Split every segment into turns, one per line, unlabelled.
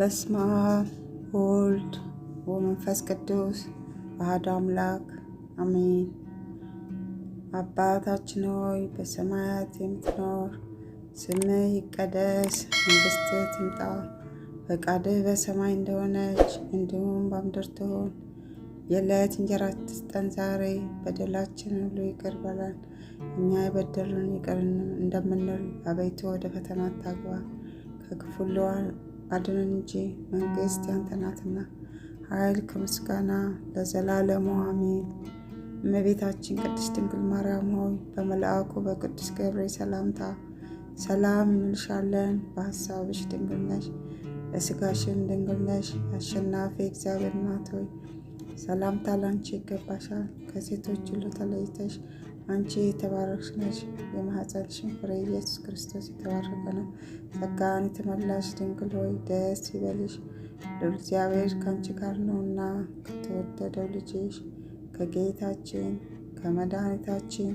በስመ አብ ወወልድ ወመንፈስ ቅዱስ አሐዱ አምላክ አሜን። አባታችን ሆይ በሰማያት የምትኖር፣ ስምህ ይቀደስ፣ መንግሥትህ ትምጣ፣ ፈቃድህ በሰማይ እንደሆነች እንዲሁም በምድር ትሆን። የዕለት እንጀራችንን ስጠን ዛሬ፣ በደላችን ሁሉ ይቅር በለን እኛ የበደሉን ይቅር እንደምንል፣ አቤቱ ወደ ፈተና አታግባን ከክፉ አድነን እንጂ መንግስት ያንተ ናትና ኃይል ከምስጋና ለዘላለሙ አሜን። እመቤታችን ቅድስት ድንግል ማርያም ሆይ በመልአኩ በቅዱስ ገብርኤል ሰላምታ ሰላም እንልሻለን። በሀሳብሽ ድንግል ነሽ፣ በስጋሽም ድንግል ነሽ። አሸናፊ እግዚአብሔር እናት ሆይ ሰላምታ ላንቺ ይገባሻል። ከሴቶች ሁሉ ተለይተሽ አንቺ የተባረክሽ ነሽ፣ የማኅፀንሽን ፍሬ ኢየሱስ ክርስቶስ የተባረከ ነው። ጸጋን የተመላሽ ድንግል ሆይ ደስ ይበልሽ፣ ልዑል እግዚአብሔር ከአንቺ ጋር ነውና ከተወደደው ልጅሽ ከጌታችን ከመድኃኒታችን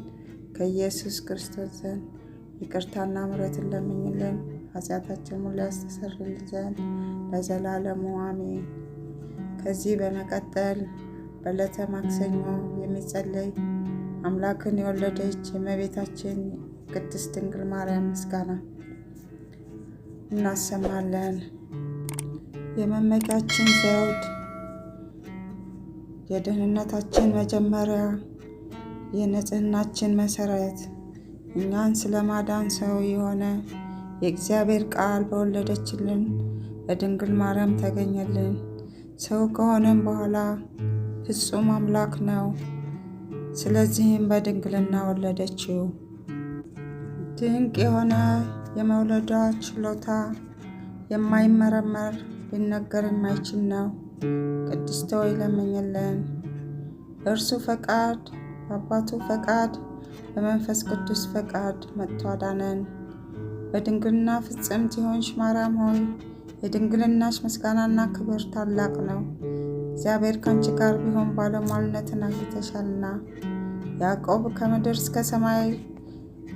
ከኢየሱስ ክርስቶስ ዘንድ ይቅርታና ምሕረትን ለምኝልን ኃጢአታችን ሁሉ ያስተሰርይልን ዘንድ ለዘላለሙ አሜን። ከዚህ በመቀጠል በዕለተ ማክሰኞ የሚጸለይ አምላክን የወለደች የእመቤታችን ቅድስት ድንግል ማርያም ምስጋና እናሰማለን። የመመኪያችን ዘውድ የደህንነታችን መጀመሪያ የንጽህናችን መሰረት እኛን ስለማዳን ሰው የሆነ የእግዚአብሔር ቃል በወለደችልን በድንግል ማርያም ተገኘልን። ሰው ከሆነም በኋላ ፍጹም አምላክ ነው። ስለዚህም በድንግልና ወለደችው። ድንቅ የሆነ የመውለዷ ችሎታ የማይመረመር ሊነገር የማይችል ነው። ቅድስት ሆይ ለምኝልን። እርሱ ፈቃድ በአባቱ ፈቃድ በመንፈስ ቅዱስ ፈቃድ መጥቶ አዳነን። በድንግልና ፍጽምት የሆንሽ ማርያም ሆይ የድንግልናሽ ምስጋናና ክብር ታላቅ ነው። እግዚአብሔር ከአንቺ ጋር ቢሆን ባለሟልነትን አግኝተሻልና። ያዕቆብ ከምድር እስከ ሰማይ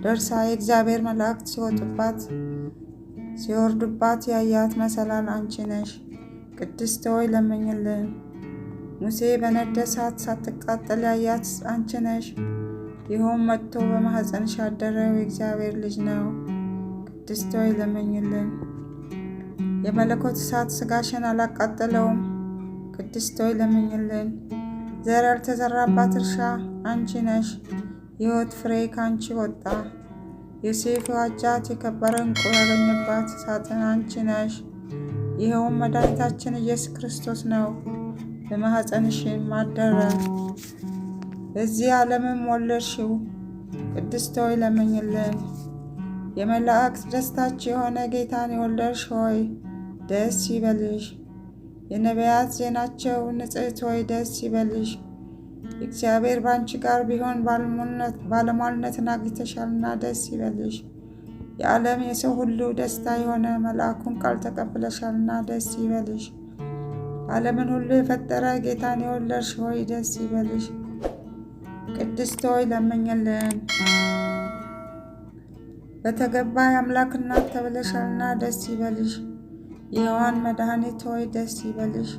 ደርሳ የእግዚአብሔር መላእክት ሲወጡባት ሲወርዱባት ያያት መሰላል አንቺ ነሽ። ቅድስት ሆይ ለምኝልን። ሙሴ በነደሳት ሳትቃጠል ያያት አንቺ ነሽ። ይኸውም መጥቶ በማኅፀንሽ ያደረው የእግዚአብሔር ልጅ ነው። ቅድስት ሆይ ለምኝልን። የመለኮት እሳት ስጋሽን አላቃጠለውም። ቅድስት ሆይ ለምኝልን። ዘር ያልተዘራባት እርሻ አንቺ ነሽ፣ የሕይወት ፍሬ ከአንቺ ወጣ። የሴፍ ዋጃት የከበረ እንቁ ያገኘባት ሳጥን አንቺ ነሽ፣ ይኸውም መድኃኒታችን ኢየሱስ ክርስቶስ ነው። በማኅፀንሽም አደረ፣ እዚህ ዓለምም ወለድሽው። ቅድስት ሆይ ለምኝልን። የመላእክት ደስታች የሆነ ጌታን የወለድሽ ሆይ ደስ ይበልሽ። የነቢያት ዜናቸው ንጽሕት ሆይ ደስ ይበልሽ፣ እግዚአብሔር ባንቺ ጋር ቢሆን ባለሟልነትን አግኝተሻልና ደስ ይበልሽ፣ የዓለም የሰው ሁሉ ደስታ የሆነ መልአኩን ቃል ተቀብለሻልና ደስ ይበልሽ። ዓለምን ሁሉ የፈጠረ ጌታን የወለድሽ ሆይ ደስ ይበልሽ። ቅድስት ሆይ ለመኝልን በተገባ የአምላክ እናት ተብለሻልና ደስ ይበልሽ። የዋን መድኃኒት ሆይ ደስ ይበልሽ፣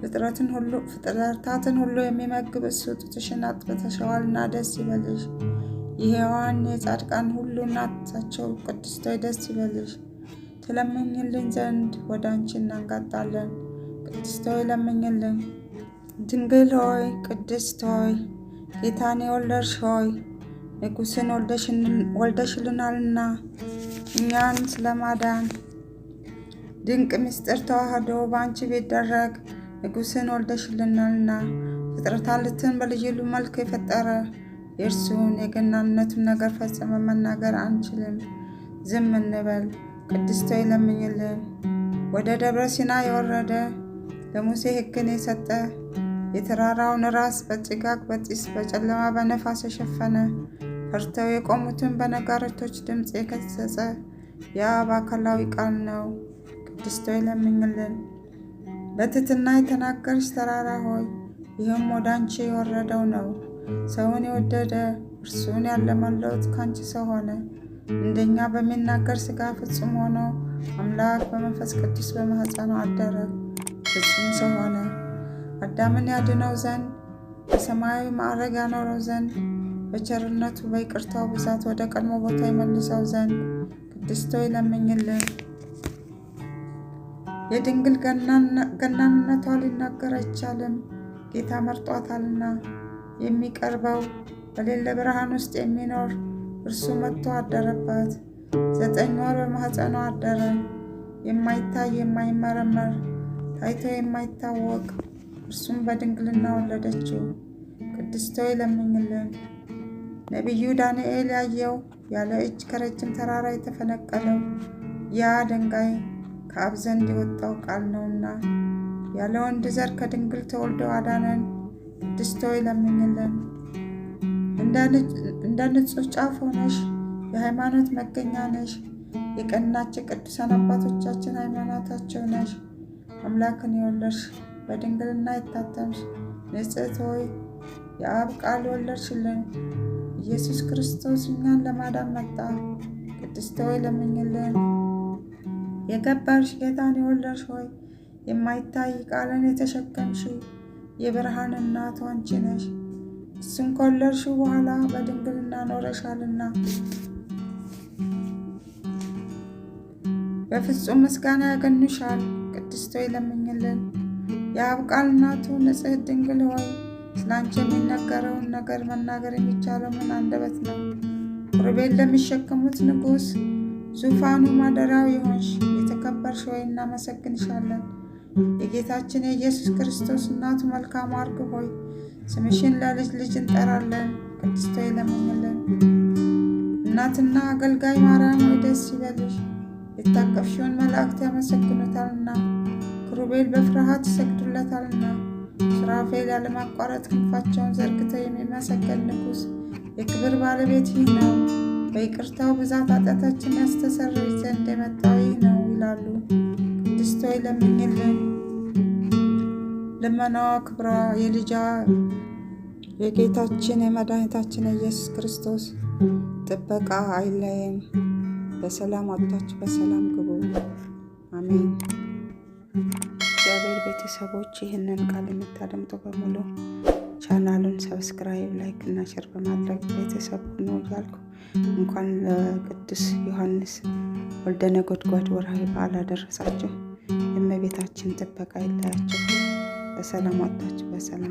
ፍጥረትን ሁሉ ፍጥረታትን ሁሉ የሚመግብ እሱ ጡትሽን አጥብተሻዋልና ደስ ይበልሽ። የሔዋን የጻድቃን ሁሉ እናታቸው ቅድስት ሆይ ደስ ይበልሽ። ትለምኝልኝ ዘንድ ወደ አንቺ እናንጋጣለን። ቅድስት ሆይ ድንግል ሆይ ቅድስት ሆይ ጌታን የወለድሽ ሆይ ንጉሥን ወልደሽልናልና እኛን ስለማዳን ድንቅ ምስጢር ተዋህዶ በአንቺ ቢደረግ ንጉሥን ወልደሽልናልና ፍጥረታልትን በልጅሉ መልክ የፈጠረ የእርሱን የገናንነቱን ነገር ፈጽሞ መናገር አንችልም። ዝም እንበል። ቅድስቶ ይለምኝልን። ወደ ደብረ ሲና የወረደ ለሙሴ ሕግን የሰጠ የተራራውን ራስ በጭጋግ በጢስ በጨለማ በነፋስ የሸፈነ ፈርተው የቆሙትን በነጋሪቶች ድምፅ የገሰጸ ያ በአካላዊ ቃል ነው። ቅድስቷ ይለምኝልን። በትትና የተናገርሽ ተራራ ሆይ ይህም ወደ አንቺ የወረደው ነው። ሰውን የወደደ እርሱን ያለመለወጥ ከአንቺ ሰው ሆነ። እንደኛ በሚናገር ስጋ ፍጹም ሆኖ አምላክ በመንፈስ ቅዱስ በማህፀኑ አደረ። ፍጹም ሰው ሆነ። አዳምን ያድነው ዘንድ በሰማያዊ ማዕረግ ያኖረው ዘንድ በቸርነቱ በይቅርታው ብዛት ወደ ቀድሞ ቦታ ይመልሰው ዘንድ ቅድስቶ ይለምኝልን። የድንግል ገናንነቷ ሊናገር አይቻልም። ጌታ መርጧታልና የሚቀርበው በሌለ ብርሃን ውስጥ የሚኖር እርሱ መጥቶ አደረባት። ዘጠኝ ወር በማኅፀኗ አደረ። የማይታይ የማይመረመር ታይቶ የማይታወቅ እርሱም በድንግልና ወለደችው። ቅድስቶ ይለምኝልን። ነቢዩ ዳንኤል ያየው ያለ እጅ ከረጅም ተራራ የተፈነቀለው ያ ድንጋይ ከአብ ዘንድ የወጣው ቃል ነውና ያለ ወንድ ዘር ከድንግል ተወልዶ አዳነን። ቅድስት ሆይ ለምኝልን። እንደ ንጹሕ ጫፍ ሆነሽ የሃይማኖት መገኛ ነሽ። የቀናች ቅዱሳን አባቶቻችን ሃይማኖታቸው ነሽ። አምላክን የወለድሽ በድንግልና የታተምሽ ንጽሕት ሆይ የአብ ቃል ወለድሽልን። ኢየሱስ ክርስቶስ እኛን ለማዳን መጣ። ቅድስት ሆይ ለምኝልን። የገባሽ ጌታን የወለድሽ ሆይ የማይታይ ቃልን የተሸከምሽ የብርሃን እናት አንቺ ነሽ። እሱን ከወለድሽው በኋላ በድንግልና ኖረሻልና በፍጹም ምስጋና ያገኙሻል። ቅድስቶ ይለምኝልን። የአብ ቃል እናቱ ንጽሕት ድንግል ሆይ ስላንቺ የሚነገረውን ነገር መናገር የሚቻለው ምን አንደበት ነው? ኪሩቤል ለሚሸከሙት ንጉሥ ዙፋኑ ማደሪያው የሆንሽ የተከበርሽ ሆይ እናመሰግንሻለን። የጌታችን የኢየሱስ ክርስቶስ እናቱ መልካም አርግ ሆይ ስምሽን ለልጅ ልጅ እንጠራለን። ቅድስቶ ይለምኝልን። እናትና አገልጋይ ማርያም ሆይ ደስ ይበልሽ፣ የታቀፍሽውን መላእክት ያመሰግኑታልና፣ ክሩቤል በፍርሃት ይሰግዱለታልና፣ ሱራፌል ያለማቋረጥ ክንፋቸውን ዘርግተው የሚመሰገን ንጉሥ የክብር ባለቤት ይህ ነው። በይቅርታው ብዛት ኃጢአታችን ያስተሰርይ ዘንድ የመጣው ነው ይላሉ። ቅድስት ሆይ ለምኝልን። ልመናዋ ክብራ የልጃ የጌታችን የመድኃኒታችን ኢየሱስ ክርስቶስ ጥበቃ አይለየን። በሰላም ወጥታችሁ በሰላም ግቡ። አሜን። እግዚአብሔር ቤተሰቦች ይህንን ቃል የምታደምጡ በሙሉ ቻናሉን ሰብስክራይብ፣ ላይክ እና ሼር በማድረግ ቤተሰብ ሁኑ እያልኩ እንኳን ለቅዱስ ዮሐንስ ወልደ ነጎድጓድ ወርሃዊ በዓል አደረሳችሁ። እመቤታችን ጥበቃ ይለያችሁ። በሰላም ወጥታችሁ በሰላም